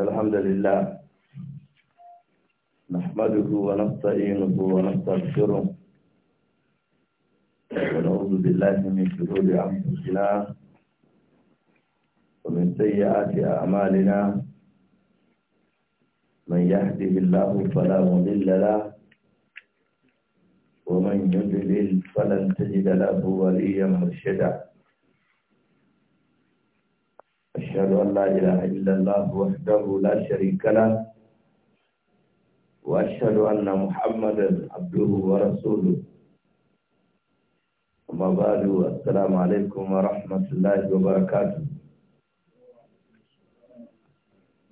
الحمد لله نحمده ونستعينه ونستغفره ونعوذ بالله من شرور انفسنا ومن سيئات اعمالنا من يهده الله فلا مضل له ومن يضلل فلن تجد له وليا مرشدا أشهد أن لا إله إلا الله وحده لا شريك له وأشهد أن محمدا عبده ورسوله أما بعد السلام عليكم ورحمة الله وبركاته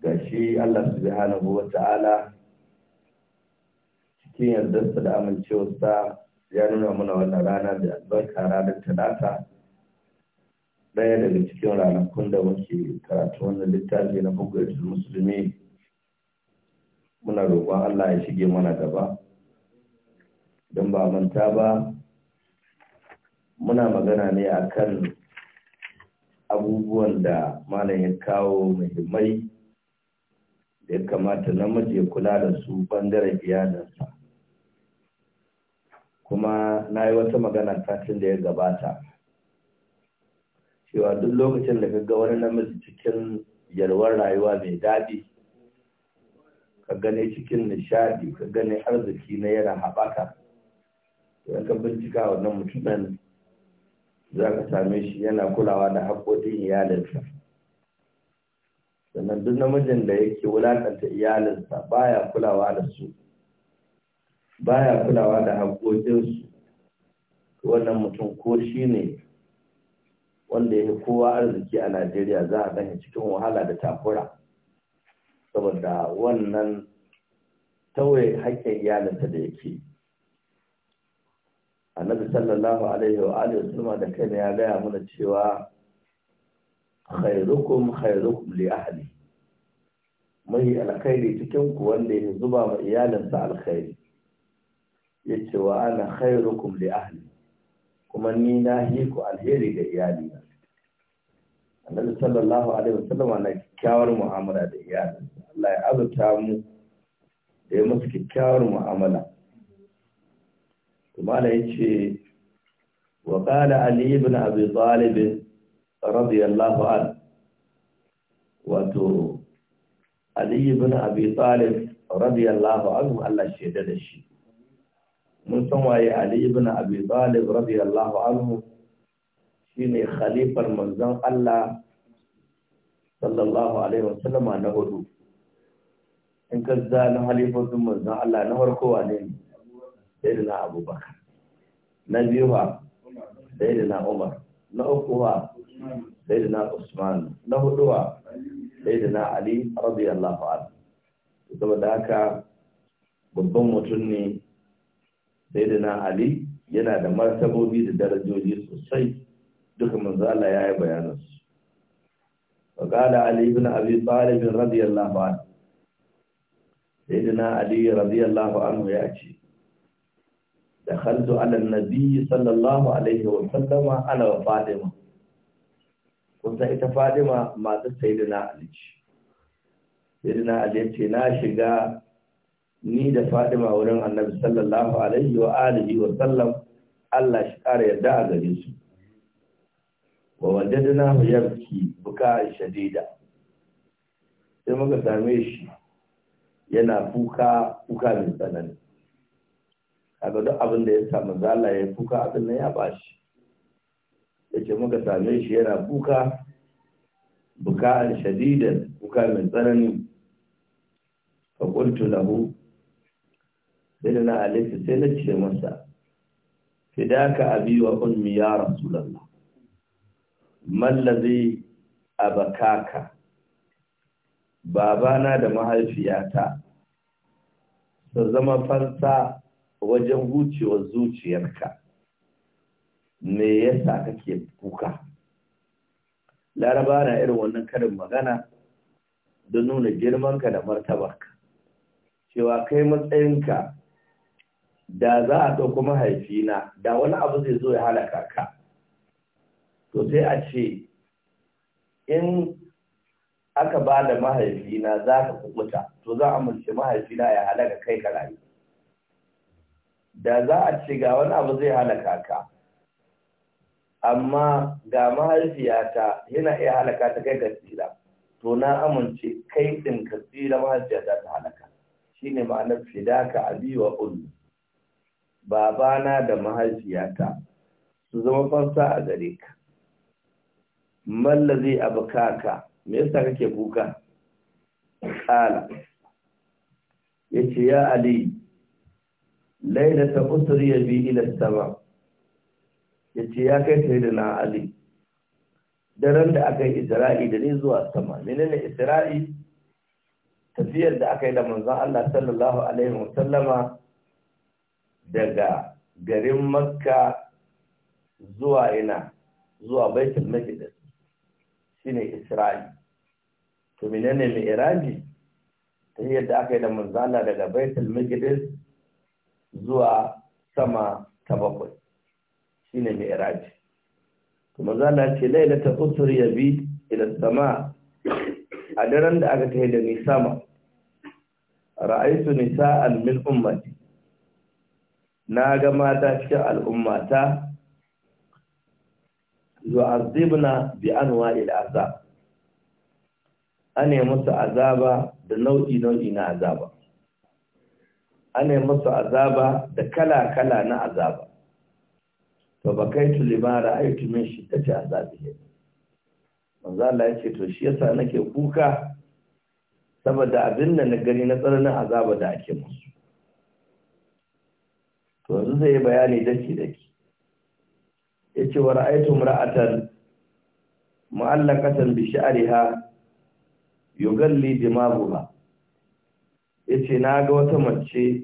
gashi Allah subhanahu wa ta'ala cikin yardarsa da amincewarsa ya nuna mana wannan rana da albarka ranar talata ɗaya daga cikin ranakun da muke karatu wannan littafi na bugarin musulmi muna roƙon Allah ya shige mana gaba don ba manta ba muna magana ne akan abubuwan da malam ya kawo muhimmai da ya kamata namiji ya kula da su bangaren iyalinsa kuma na yi wata magana satin da ya gabata cewa duk lokacin da ga wani namiji cikin yalwar rayuwa mai daɗi ka gane cikin nishadi ka gane arziki na yana haɓaka to ka bincika wannan mutumin za ka same shi yana kulawa da haƙoƙin iyalinsa sannan duk namijin da yake wulakanta iyalinsa baya kulawa da su baya kulawa da haƙoƙinsu wannan mutum ko shi ne wanda ya kowa arziki a Najeriya za a gani cikin wahala da takura saboda wannan tauye haƙƙin iyalinta da yake annabi sallallahu alaihi wa alihi wasallama da kai ya gaya mana cewa khairukum khairukum li ahli mai alkhairi cikin ku wanda ya zuba ma iyalinsa alkhairi yace wa ana khairukum li ahli kuma ni na yi ku alheri ga iyali na annabi sallallahu alaihi wa wasallam na kyakkyawar mu'amala da iyali Allah ya azurta mu da ya musu kyakkyawar mu'amala kuma da yace wa qala ali ibn abi talib radiyallahu anhu wato ali ibn abi talib radiyallahu anhu Allah shaida da shi mun san waye Ali ibn Abi Talib radiyallahu anhu shine khalifar manzon Allah sallallahu alaihi wasallam na hudu in ka na halifofin manzon Allah na farko wane ne sayyidina Abubakar na biyu da sayyidina Umar na uku da sayyidina Usman na hudu da sayyidina Ali radiyallahu anhu saboda haka babban mutum ne sai Ali yana da martabobi da darajoji sosai duka manzo Allah ya yi bayanansu. Wa ƙada Ali ibn Abi Talib radiyallahu anhu. Sai Ali radiyallahu anhu ya ce, Dakhaltu ala nabiyyi sallallahu alaihi wa sallam ala wa Fatima. Kunta ita Fatima masu sai da na Ali ce. Ali ce na shiga ni da Fadima wurin Annabi sallallahu alaihi wa alihi wa sallam Allah shi kare yadda a gare su wa wajadna hu yabki buka shadida sai muka same shi yana kuka kuka mai tsanani kaga duk abin da ya samu zala ya kuka abin nan ya bashi yace muka same shi yana kuka buka shadidan kuka mai tsanani fa qultu lahu sallallahu na alaihi sai na ce masa fidaka abi wa ummi ya rasulullah ladhi abakaka babana da mahaifiyata su zama fansa wajen hucewar zuciyarka me yasa kake kuka laraba na irin wannan karin magana don nuna girmanka da martabarka cewa kai matsayinka da za a ɗauko mahaifina da wani abu zai zo ya halaka ka to sai a ce in aka ba da mahaifina za ka kukuta to za a mulki mahaifina ya halaka kai ka rayu da za a ce ga wani abu zai halaka ka amma ga mahaifiyata yana iya halaka ta kai ka tsira to na amince kai din ka tsira mahaifiyata ta halaka shine ma'anar fidaka abi wa babana da mahaifiyata su zama fansa a gare ka mallazi abkaka me yasa kake kuka kala yace ya ali lailata usri bi ila sama yace ya kai da na ali daren da aka yi isra'i da ni zuwa sama menene isra'i tafiyar da aka yi da manzon Allah sallallahu alaihi wasallama daga garin makka zuwa ina zuwa baitul maqdis shine isra'i to menene mi'raji ta yadda aka yi da manzala daga baitul maqdis zuwa sama ta bakwai shine mi'raji to manzala ce lailata ya bi ila sama a daren da aka yi da ni sama ra'aytu nisa'an min ummati na ga mata cikin al'ummata azibna bi anwa'il azab ane musu azaba da nau'i nau'i na azaba ane musu azaba da kala kala na azaba to ba kai tu shi ta min azabi ne manzo Allah yace to shi yasa nake kuka saboda abin da na gani na tsananin azaba da ake musu yanzu zai yi bayani daki daki ya ce wa ra'aitu ra'atan mu'allaqatan bi sha'riha yugalli Ya yace na ga wata mace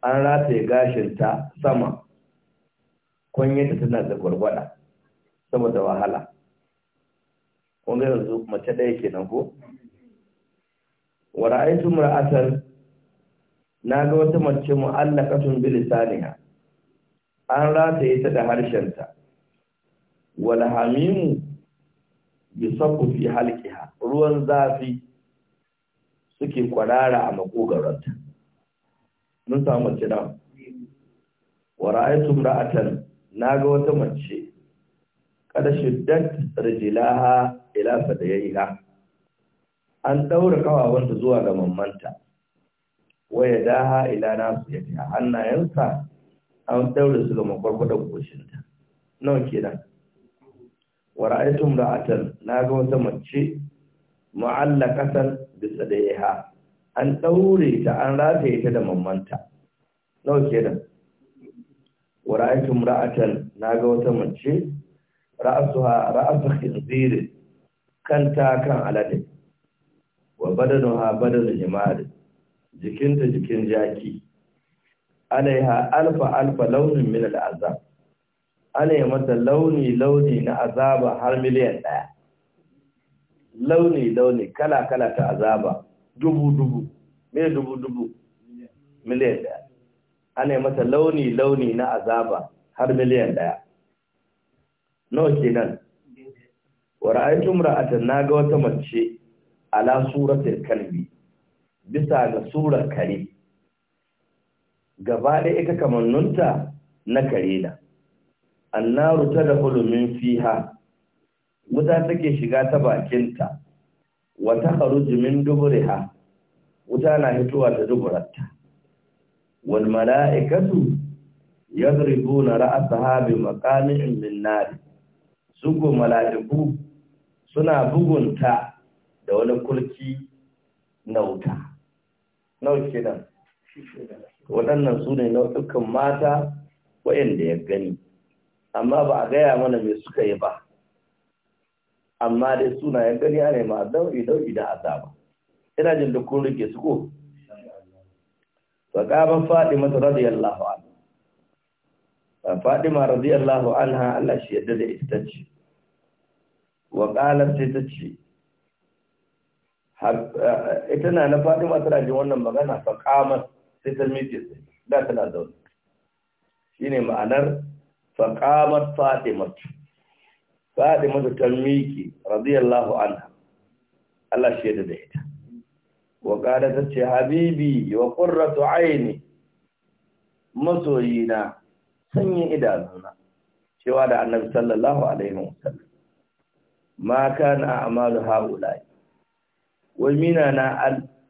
an rataye gashinta sama kwanyarta tana da gwargwada saboda wahala kun yanzu mace ɗaya kenan ko wa ra'aitu ra'atan na ga wata mace mu'allakatun bi lisaniha an rataye ta da harshenta wal hamimu yusaffu fi halqiha ruwan zafi suke kwarara a makogaranta mun samu mace da wa ra'aytu na ga wata mace kada shiddat rijlaha ila fadayiha an daura kawawanta zuwa ga mammanta waya daha ila nasu ya fiya hannayensa an daure su ga makwarkwadon goshinta nawa kenan wa ra'aytum na ga wata mace da ya ha an daure ta an rataye ta da mammanta nawa kenan wa ra'aytum na ga wata mace ra'asuha ra'asu kanta kan alade wa ha badanu himari jikinta jikin jaki alaiha alfa alfa launin min al'azab alaiha mata launi launi na azaba har miliyan ɗaya launi launi kala kala ta azaba dubu dubu me dubu dubu miliyan ɗaya alaiha mata launi launi na azaba har miliyan ɗaya nawa kenan wa ra'aytu imra'atan naga wata mace ala suratul kalbi bisa ga surar kare gaba ɗaya ita kamannunta na kare da annaru ta da hulumin fiha wuta take shiga ta bakinta wata jimin min duburiha wuta na hituwa ta duburarta wal mala'ikatu yadribuna ra'saha bi maqami'in min nar suko mala'iku suna bugunta da wani kulki na wuta nawa shida waɗannan su ne nau'ukan mata waɗanda ya gani amma ba a gaya mana mai suka yi ba amma dai suna ya gani ana ma dauri dauri da azaba ina jin da kun rike su ko faqaban fatima radiyallahu anha fatima radiyallahu anha Allah shi yadda da ita ce wa qalat sai ta ce Eh, ita na na fatima tana jin wannan magana fa kamar sai ta miƙe sai da tana zaune shine ma'anar fa kamar fatima fatima ta miƙe radiyallahu anha Allah shi da ita wa kada ta ce habibi wa qurratu aini masoyina sanyin idanuna cewa da annabi sallallahu alaihi wasallam ma kana a'malu haula'i wai mina na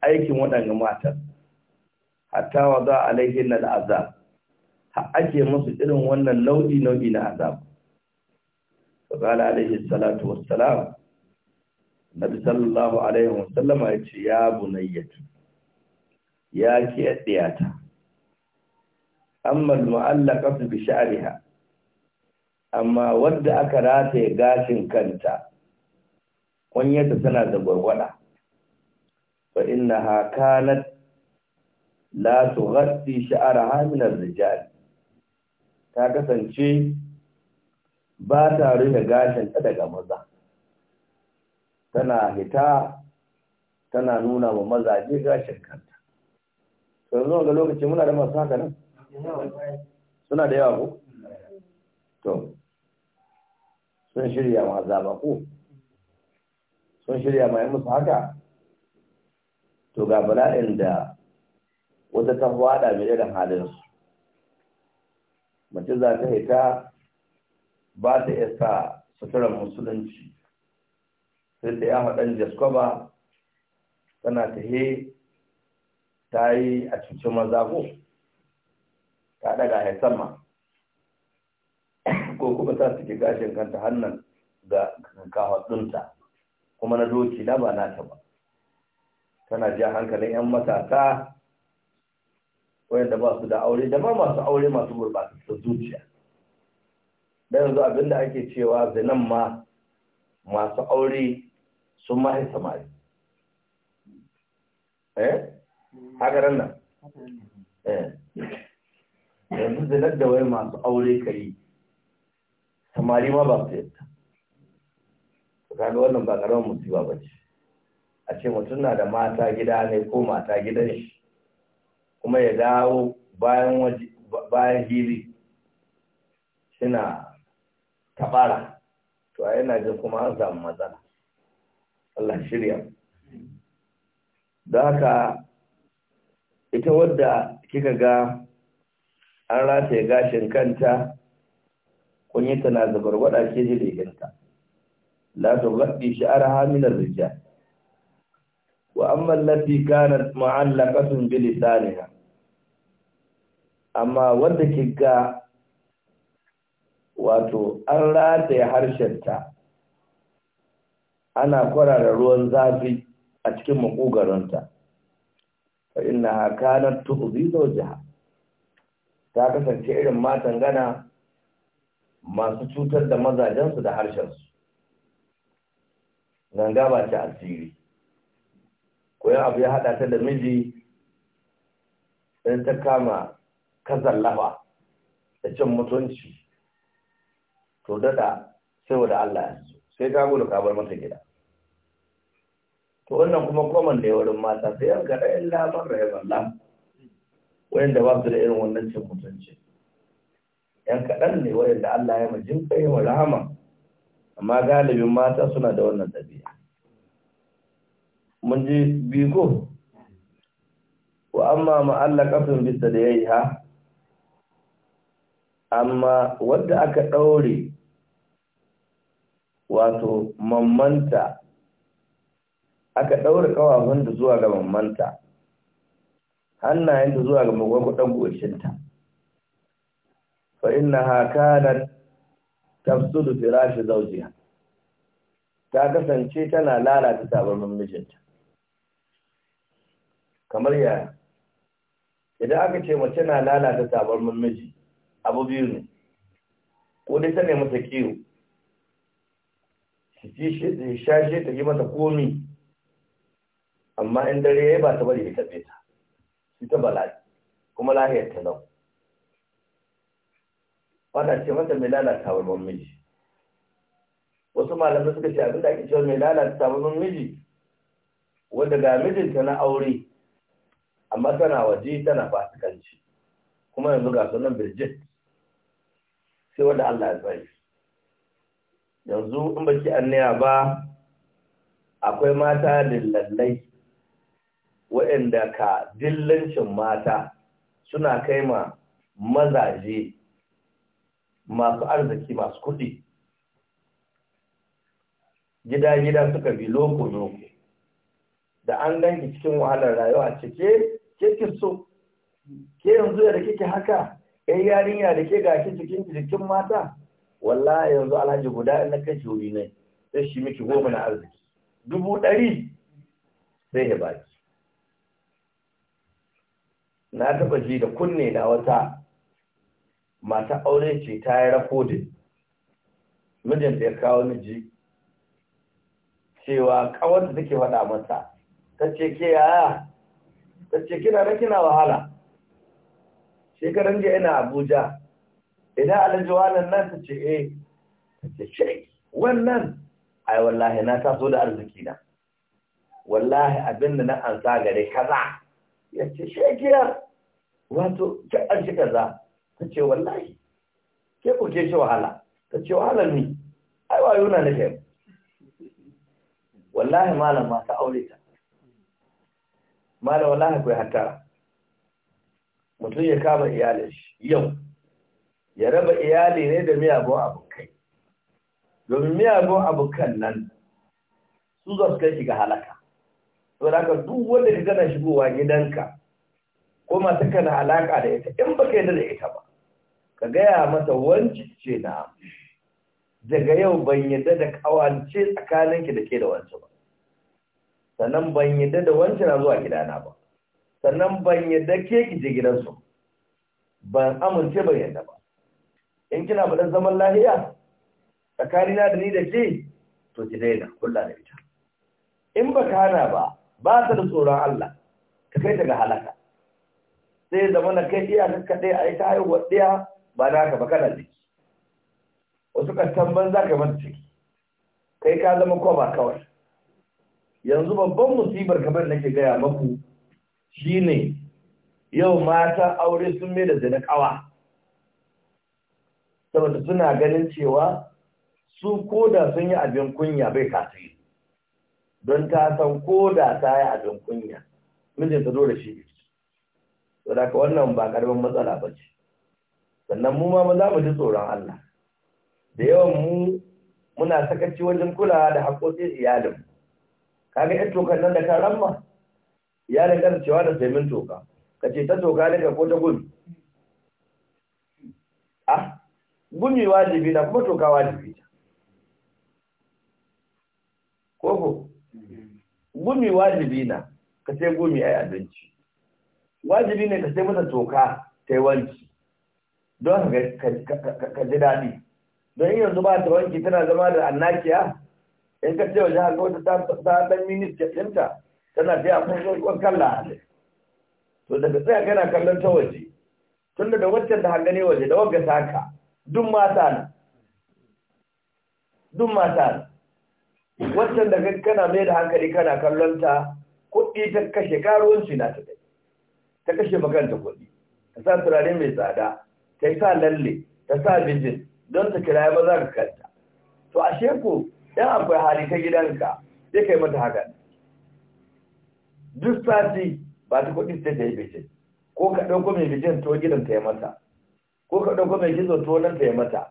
aikin waɗannan matan hatta wa za a laifin na azab ha ake musu irin wannan nau'i nau'i na azab fakala alaihi salatu salam. nabi sallallahu alaihi Sallama ya ce ya bunayyatu ya ke ɗiyata amma kasu bi sha'ariha, amma wadda aka rataye gashin kanta Kwanyarta tana da gwargwada فإنها كانت لا تغطي شعرها من الرجال ta kasance ba ta rufe gashinta daga maza tana hita tana nuna wa mazaje gashin kanta yanzu ga lokaci muna da masu haka nan suna da yawa ko to sun shirya ma zaba ko sun shirya ma yi musu haka to ga bala'in da wata ta hwada mai irin halinsu mace za ta haita ba ta iya sa suturar musulunci sai ta yawa ɗan jaskoba tana ta he ta yi a cikin maza ko ta daga ya sama ko kuma ta suke gashin kanta hannun ga kawaɗinta kuma na doki na ba nata ba tana a hankalin 'yan matasa wayanda ba su da aure da ma masu aure masu gurɓatattu zuciya da yanzu abinda ake cewa zinan ma masu aure sun mahi samari eh haka nan eh yanzu zinar da wai masu aure kai samari ma ba su yadda ga wannan ba ƙaramin musiba ba ce a ce mutum na da mata gida ne ko mata gidan shi kuma ya dawo bayan bayan hili suna tabara to a yana jin kuma an samu matsala Allah shirya da haka ita wadda kika ga an rataye gashin kanta kun yi tana zubar wada ke jirgin ta? la zubar shi hamilar rijal وأما التي كانت معلقة بلسانها أما ga wato an rataye harshenta ana kwarara ruwan zafi a cikin makogaronta fa inna hakanat tu'zi zawjaha ta kasance irin matan gana masu cutar da mazajensu da harshensu nan gaba ta asiri wani abu ya haɗa ta da miji in ta kama kazan lafa da cin mutunci to dada sai wada Allah ya so sai ka gudu ka bar mata gida to wannan kuma kwaman da wurin mata sai yan gada yin lamar da yawan lam da ba su da irin wannan cin mutunci yan kaɗan ne wayan da Allah ya majin kai wa rahama amma galibin mata suna da wannan ɗabi'a mun ji biyu ko wa amma ma'allakafin bisa da ya yi ha amma wanda aka ɗaure wato mammanta aka ɗaure ƙawafin da zuwa ga mammanta hannayen da zuwa ga magwagwadon goshinta fa inna haka na tafsudu firashi zaujiya ta kasance tana lalata tabarmin mijinta kamar yaya idan aka ce mace na lalata sabon miji abu biyu ne ko dai ta nemi ta kiyo shi shashe ta yi mata komi amma in dare ya yi ba ta bari ya taɓe ta shi ta bala'i kuma lahiyar ta lau wanda ce mata mai lalata sabon miji wasu malamai suka ce abinda ake cewa mai lalata sabon miji wanda ga mijinta na aure amma tana waje tana fasikanci kuma yanzu ga sunan birjit sai wanda Allah ya tsari yanzu in baki annaya ba akwai mata lillallai waɗanda ka dillancin mata suna kai ma mazaje masu arziki masu kuɗi gida-gida suka bi loko-loko da an ganki cikin wahalar rayuwa cike ke so ke yanzu da kike haka ɗan yarinya da ke gashi cikin jikin mata wallahi yanzu alhaji guda in na kai wuri ne sai shi miki goma na arziki dubu ɗari sai ya baki na taɓa ji da kunne na wata mata aure ce ta yi rakodin mijinta ya kawo miji cewa kawar da take faɗa mata ta ce ke yaya ta ce kina nan kina wahala shekaran jiya ina abuja idan alhaji wannan nan ta ce eh ta ce ce wannan ai wallahi na taso da arziki na wallahi abin da na sa gare kaza ya ce shekiyar wato ta arziki kaza ta ce wallahi ke ku ke wahala ta ce wahala ni ai wayo na nake wallahi malam ma ta aure ta malam wala akwai hatara mutum ya kama iyalin shi yau ya raba iyali ne da miyagun abokai domin miyagun abokan nan su za su kai shiga halaka sau da duk wanda ka gana shigowa gidanka ko masu kana alaka da ita in ka yi da ita ba ka gaya mata wanci ce na daga yau ban yarda da kawance tsakaninki da ke da wancan ba sannan ban yadda da wancan zuwa gidana ba sannan ban yadda ke ki je gidansu ban amince ban yadda ba in kina faɗin zaman lahiya na da ni da ke to ki daina kulla da ita in ba kana ba ba ta da tsoron Allah ka kai ta ga halaka sai zama na kai ka kaɗai a ita haihuwar ɗaya ba na ka ba kana ciki wasu kasan banza ka mata ciki kai ka zama kwaba kawai yanzu babban musibar kamar nake gaya maku shine yau mata aure sun mai da zina kawa saboda suna ganin cewa su koda sun yi abin kunya bai kasu yi, don ta san koda ta yi abin kunya mijinta zo da shi saboda ka wannan ba karbin matsala ba ce sannan mu ma za mu ji tsoron Allah da yawan mu muna sakaci wajen kulawa da haƙoƙin iyalinmu kaga yan tokan nan da ka ramma ya danganta cewa da saimin toka ka ce ta toka ne ka ko ta gumi A gumi wajibi na kuma toka wajibi ta koko gumi wajibi na ka sai gumi a abinci wajibi ne ka sai mata toka ta yi wanki don ka ji daɗi don yanzu ba ta wanki tana zama da annakiya in ka ce wa jihar ga ta dan minista ɗinta tana ta yi a tsohon kalla to daga tsaya kana kallon ta waje tun da waccan ta hangane waje da wagga ta haka dun mata ne dun mata ne waccan da kana mai da hankali kana kallon ta kuɗi ta kashe karuwanci na ta kai ta kashe maganta kuɗi ta sa turare mai tsada ta yi sa lalle ta sa bijin don ta kira ya ba za ka kanta to ashe ko yan akwai hali ta gidanka sai kai mata haka duk sati ba ta kudin sai ta yi bikin ko ka ɗauko mai bikin to gidan ta yi mata ko ka ɗauko mai gizo to nan ta yi mata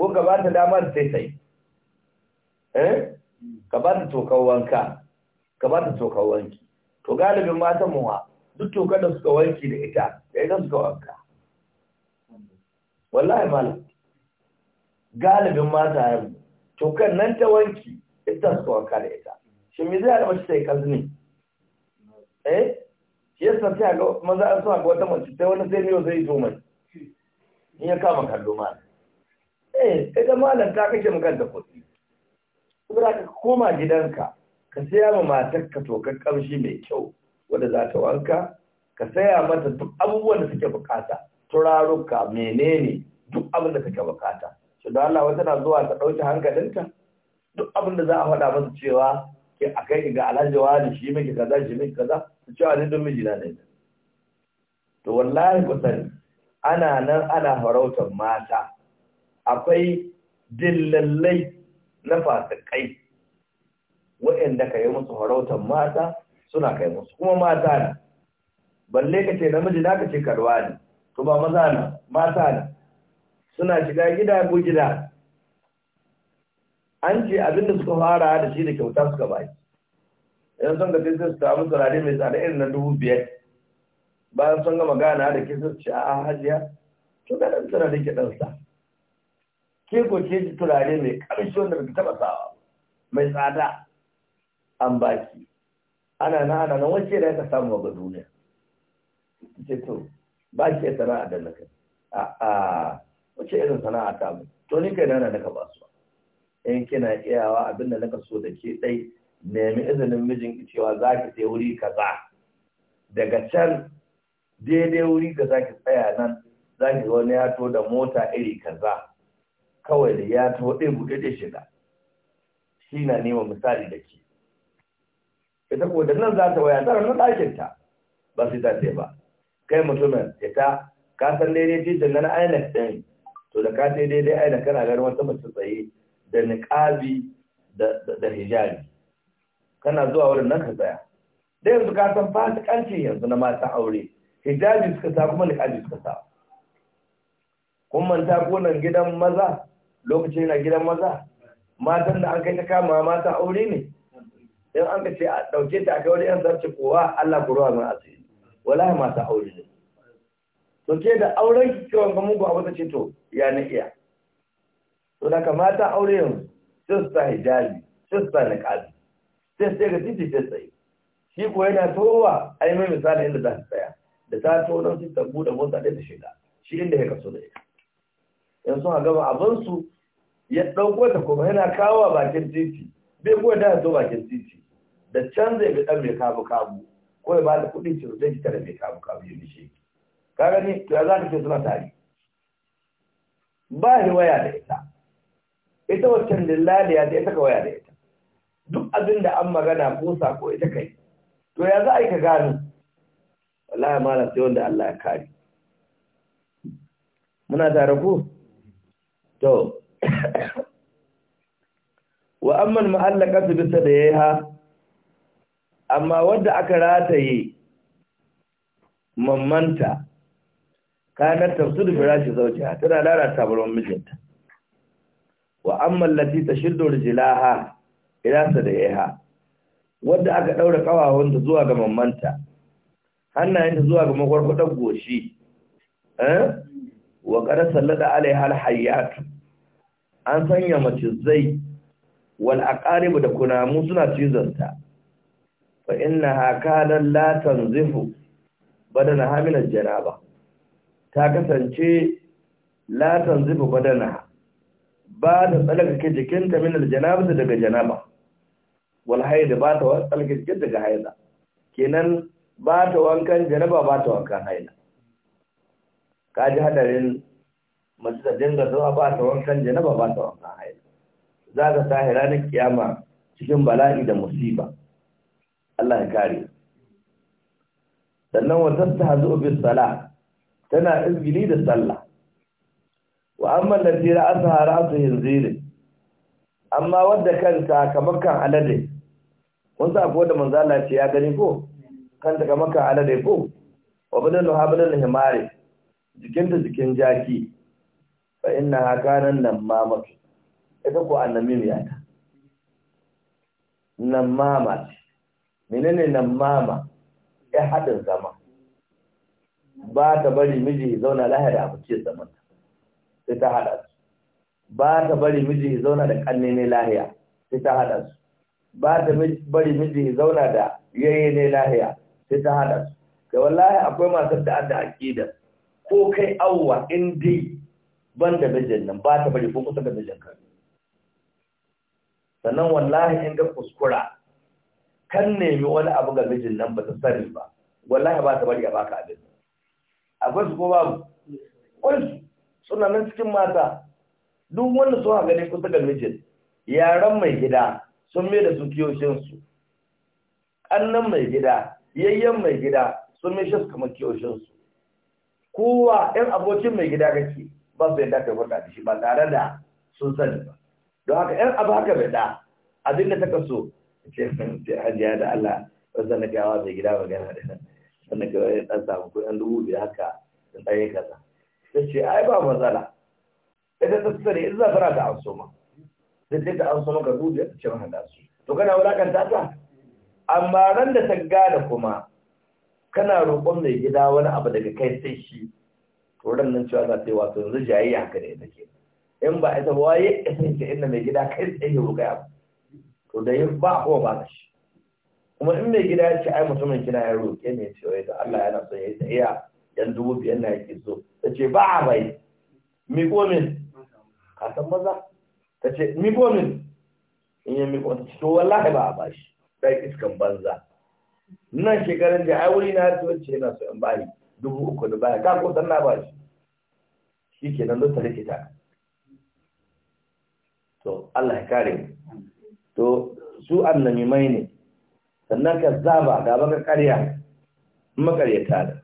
ko ka ba ta dama da sai sai eh? ka ba ta tokar wanka ka ba ta tokar wanki to galibin matan muwa duk tokar da suka wanki da ita da ita suka wanka wallahi malam galibin mata yanzu kan nan ta wanki ita su wanka da ita shi me zai mace sai yi kazni eh shi yasa sai ga maza an suna ga wata mace sai wani sai ne zai zo mai in ya kama kallo ma eh idan malam ta kake mu da kuɗi kuma ka koma gidanka ka saya ma matar ka tokar kamshi mai kyau wanda za ta wanka ka saya mata duk abubuwan da suke bukata turaruka menene duk abin da kake bukata shi da Allah wata na zuwa ta ɗauki hankalinta duk abin da za a faɗa masa cewa ke a kai ga alhaji wani shi miki kaza shi miki kaza su cewa ni don mijina ne to wallahi ku sani ana nan ana farautar mata akwai dillallai na fasikai waɗanda ka yi musu farautar mata suna kai musu kuma mata ne balle ka ce namiji na ka ce karwa ne to ba maza na mata ne suna shiga gida ko gida an ce abinda suka fara da shi da kyauta suka baki idan sun ga sai su samu turare mai tsada irin na dubu biyar bayan sun gama magana da ke su a hajiya to ga ɗan turare ke ɗan sa ke ko ke ji turare mai ƙarshe wanda ba taɓa sawa mai tsada an baki ana na ana na wacce da ka samu ga duniya ce to ba ke sana'a da na kai a'a wace irin sana'a ta mu to ni kai na naka ba su in kina iyawa abin da naka so da ke dai nemi izinin mijin cewa za ki sai wuri kaza daga can daidai wuri ka za ki tsaya nan za ki wani ya da mota iri kaza kawai da ya to ɗin buɗe da shiga shi na neman misali da ke ita ko da nan za ta waya tara na ɗakinta ba sai ta ce ba kai mutumin ita ka san daidai titin na inec ɗin to da ka sai daidai aina kana ganin wata mace tsaye da niqabi da hijabi kana zuwa wurin nan ka tsaya dai yanzu ka san fasikancin yanzu na mata aure hijabi suka sa kuma niqabi suka sa kun manta ko nan gidan maza lokacin na gidan maza matan da an kai ta kama mata aure ne in an ka ce a ɗauke ta kai wani yan zarce kowa Allah ku ruwa min asiri wallahi mata aure ne to ke da auren ki kiwon ga mugu abu ta ce to ya na iya to da kamata aure yanzu sai su sa hijabi sai su sa sai ga titi sai sai shi ko yana towa ai mai misali inda za su tsaya da ta to nan sai ta bude motsa da ta shiga shi inda ya kaso da ita yanzu a gaba abin su ya ɗauko ta kuma yana kawo a bakin titi bai kuwa da zo bakin titi da can zai bi ɗan mai kabu kabu ko ya ba da kuɗi shi zai tare mai kabu kabu ya bishe ka gani to ya za ka ce suna tare ba waya da ita ita waccan ya da ita ka waya da ita duk abin da an magana ko sako ita kai to ya za a yi ka gano wallahi malam sai wanda Allah ya kare muna tare ku to wa amma mu'allaqatu bi sadayha amma wanda aka rataye mammanta kanar tafsir firashi zaujiha tana lalata barwan mijinta wa amma allati tashiddu rijlaha ila sadaiha wanda aka daura ta zuwa ga mammanta hannayenta zuwa ga makwarkwadar goshi eh wa qara sallada alaiha alhayat an sanya mace zai wal aqarib da kunamu suna cizanta fa innaha kana la tanzifu badana hamil janaba ta kasance la tanzibu badana ba ta tsalaka jikinta min aljanabata daga janaba wal haida ba ta tsalaka jikinta daga haida kenan ba ta wankan janaba ba ta wankan haida ka ji hadarin masu da dinga zuwa ba ta wankan janaba ba ta wankan haida za ka sa ranar kiyama cikin bala'i da musiba Allah ya kare sannan wa ta hazo bis salat tana izgili da sallah wa amma lati ra'asa yin zire. amma wadda kanta kamar kan alade kun sa ko da manzo Allah ce ya gani ko kanta kamar kan alade ko wa badal habal himari jikinta jikin jaki fa inna hakanan nan mafi. ita ko ya ta nan mama ce menene nan mama ya hadin zama ba ta bari miji ya zauna lahiya da abincin zaman sai ta haɗa su ba ta bari miji ya zauna da kanne ne lahiya sai ta haɗa su ba ta bari miji ya zauna da yayye ne lahiya sai ta haɗa su Da wallahi akwai masu da adda aqida ko kai awwa in dai ban da mijin nan ba ta bari ko kusa da mijin ka sannan wallahi in ga kuskura kan nemi wani abu ga mijin nan ba ta sani ba wallahi ba ta bari a baka abin nan akwai su ko babu akwai su suna nan cikin mata duk wanda sun haka ne kusa ga mijin yaran mai gida sun mai da su kiyoshinsu ƙannan mai gida yayyen mai gida sun mai shi kamar kiyoshinsu kowa ɗan abokin mai gida kake ba su yadda ta faɗa da shi ba tare da sun sani ba don haka ɗan abu haka bai da abin da ta kaso ce hajiya da Allah wasu na gawa mai gida magana da sannan ga wani ɗan samu ko ɗan dubu biyu haka in ɗan yi kaza ta ce ai ba matsala ita ta tsare in za fara ta amso ma da sai ta amso maka dubu biyu, ta ce mana da su to kana wulakanta ta amma ran da ta gane kuma kana roƙon mai gida wani abu daga kai sai shi to ran nan cewa za ta yi wato yanzu jayayya haka da ita ke in ba ita waye ita ce inda mai gida kai sai ya roƙa to da ya ba ko ba shi kuma in mai gida ya ce ai mutumin kina ya roƙe ne ce wai da Allah yana son ya yi iya yan dubu biyar na yake so ta ce ba a bai mi min. ka san maza ta ce mi min. in yi mi ko ta ce to wallahi ba a bashi sai iskan banza nan shekarun da ai wuri na ta wace yana so in bari dubu uku da baya ka ko san na bashi shi ke nan ta rikita to Allah ya kare to su mai ne sannan ka zaba ga baka karya makaryata da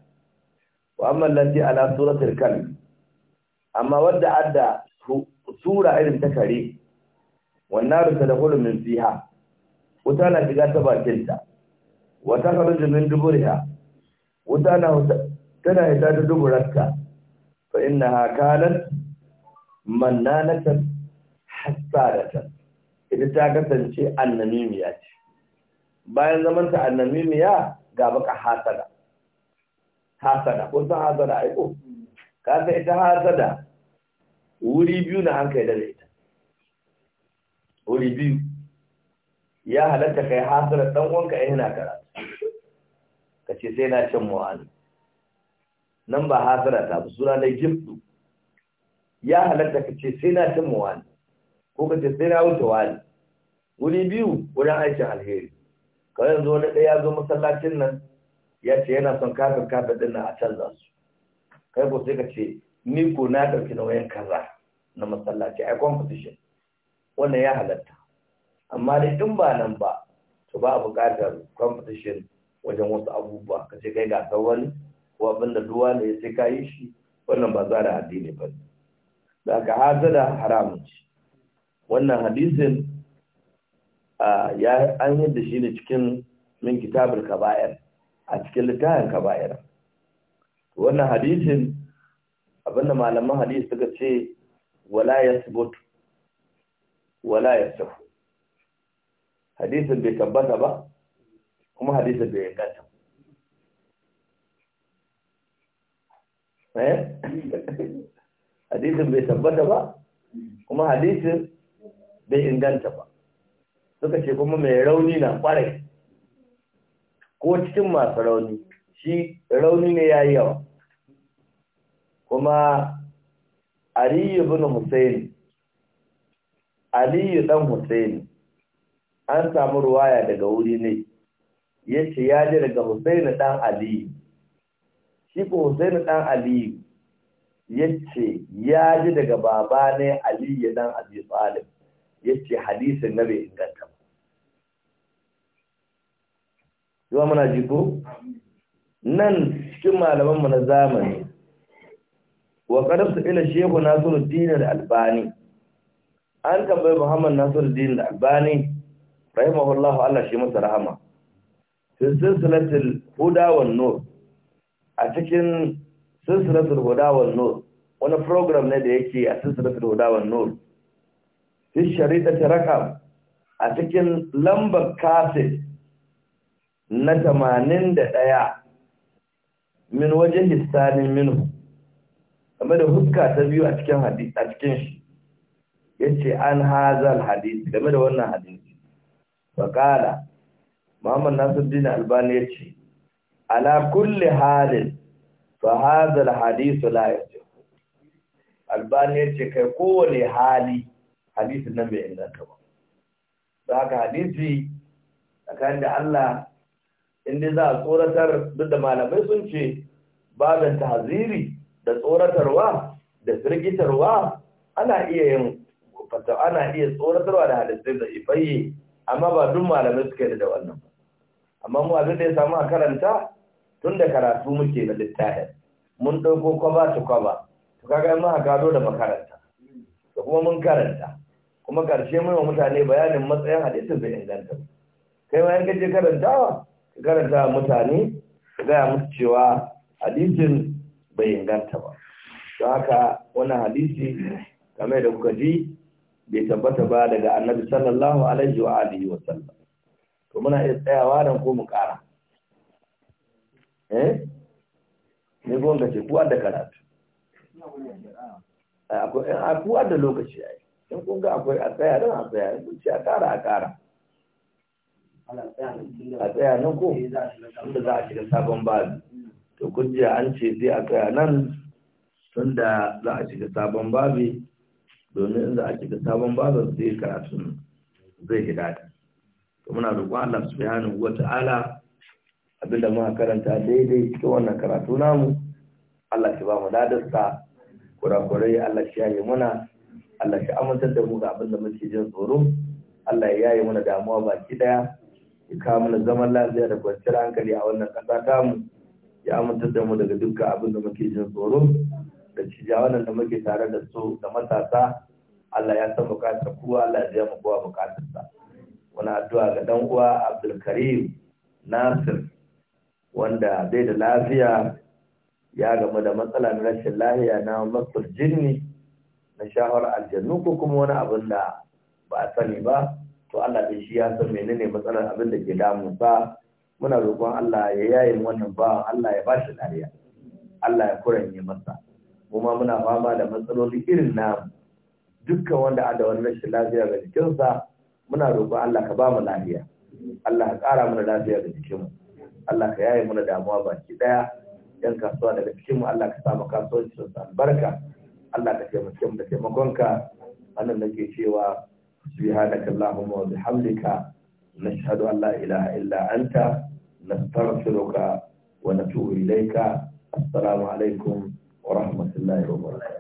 wa amma lati ala suratul kal amma wadda adda sura irin ta kare wannan ruka da kullu min fiha wuta na shiga ta bakinta wata kharuju min duburiya wuta na tana hita ta duburarta fa ha kanat mannanatan hasaratan ita ta kasance annamimiya ce bayan zaman ta mimiya ga baka hasada hasada ko ta hasada aiko ka ga ita hasada wuri biyu na hankali da ita wuri biyu ya halatta kai hasada dan uwanka yana karatu ka ce sai na cin mu'ani nan ba hasada ta ba sura da giftu ya halatta ka ce sai na cin mu'ani ko ka ce sai na wuce wani wuri biyu wurin aikin alheri Ka yanzu wani ɗaya zo masallacin nan ya ce yana son kafin kafin ɗin nan a canza su kai ko sai ka ce ni ko na ɗauki nauyin kaza na masallaci ai competition wannan ya halatta amma dai in ba nan ba to ba a buƙatar competition wajen wasu abubuwa ka ce kai ga wani ko abin da duwa ne sai ka yi shi wannan ba za da addini ba ne ka hazada haramun ci wannan hadisin ya an yadda shi ne cikin min kitabul kaba'ir a cikin littafin kaba'ir wannan hadisin abinda malaman hadisi suka ce wala yasbut wala yasahu hadisin bai tabbata ba kuma hadisin bai ganta eh hadisin bai tabbata ba kuma hadisin bai inganta ba eh? suka ce kuma mai rauni na kwarai ko cikin masu rauni shi rauni ne ya yi yawa kuma aliyu bin hussein aliyu dan Hussein an samu ruwaya daga wuri ne ya ce ya ji daga hussein dan aliyu shi ko hussein dan aliyu ya ce ya ji daga baba ne aliyu dan abi talib ya ce hadisin na bai inganta zuwa muna ji ko nan cikin malamanmu na zamani wa qadabtu ila shehu nasiruddin al-albani an tambayi muhammad nasiruddin al-albani rahimahullahu Allah shi masa rahama fi silsilatul huda wan nur a cikin silsilatul huda wan nur wani program ne da yake a silsilatul huda wan nur fi ta rakam a cikin lambar cassette na tamanin da ɗaya min wajen hisanin minu game da huska ta biyu a cikin hadis a cikin shi an hazal hadis game da wannan hadisi ba qala Muhammad Nasiruddin Albani ya ce ala kulle halin fa hazal hadisu la yajib Albani ya ce kai kowane hali hadisin nan bai inganta ba ba haka hadisi tsakanin da Allah inda za a tsoratar duk da malamai sun ce babin tahziri da tsoratarwa da firgitarwa ana iya yin fata ana iya tsoratarwa da hadisai da ifayi amma ba duk malamai suka yi da wannan amma mu abin da ya samu a karanta tun da karatu muke na littafin mun ɗauko kwaba ta kwaba to kaga mun ha gado da makaranta da kuma mun karanta kuma karshe mun wa mutane bayanin matsayin hadisin bai inganta kai ma yanka je karantawa garanta mutane gaya musu cewa hadisin bai inganta ba don haka wani hadisi game da kuka ji bai tabbata ba daga annabi sallallahu alaihi wa alihi wa sallam to muna iya tsayawa dan ko mu kara eh ne da ce kuwa da karatu akwai eh, kuwa da lokaci ai in kun ga akwai a tsaya don a tsaya in ci a kara a kara a tsaya nan ko inda za a shiga sabon babi to kujiya an ce sai a tsaya nan tunda za a shiga sabon babi domin inda a shiga sabon babin zai karatu zai hidata to muna roƙon Allah subhanahu wata'ala abinda muka karanta daidai cikin wannan karatu namu Allah shi ba mu ladarsa kurakurai Allah shi yi muna Allah shi amintar da mu ga abinda muke jin tsoro Allah ya yi muna damuwa baki daya ya kawo mana zaman lafiya da kwanciyar hankali a wannan ƙasa mu ya aminta da mu daga dukkan abin da muke jin tsoro da cijawanan da muke tare da su da matasa Allah ya san bukatar kowa Allah ya mu kowa bukatarsa wani addu'a ga dan uwa Abdulkarim Nasir wanda bai da lafiya ya gamu da matsala na rashin lafiya na masar jinni na shahar aljannu ko kuma wani abin da ba a sani ba to Allah da shi ya san menene matsalar abin da ke damunsa. sa muna roƙon Allah ya yaye wannan ba Allah ya bashi dariya Allah ya kuranye masa kuma muna fama da matsaloli irin na. dukkan wanda a da wani rashin lafiya ga jikinsa muna roƙon Allah ka ba mu lafiya Allah ka ƙara mana lafiya ga jikinmu Allah ka yaye mana damuwa baki ɗaya. yan kasuwa daga cikinmu Allah ka samu kasuwanci kasuwancinsu albarka Allah ka taimake mu da taimakonka wannan nake cewa سبحانك اللهم وبحمدك نشهد أن لا إله إلا أنت نستغفرك ونتوب إليك السلام عليكم ورحمة الله وبركاته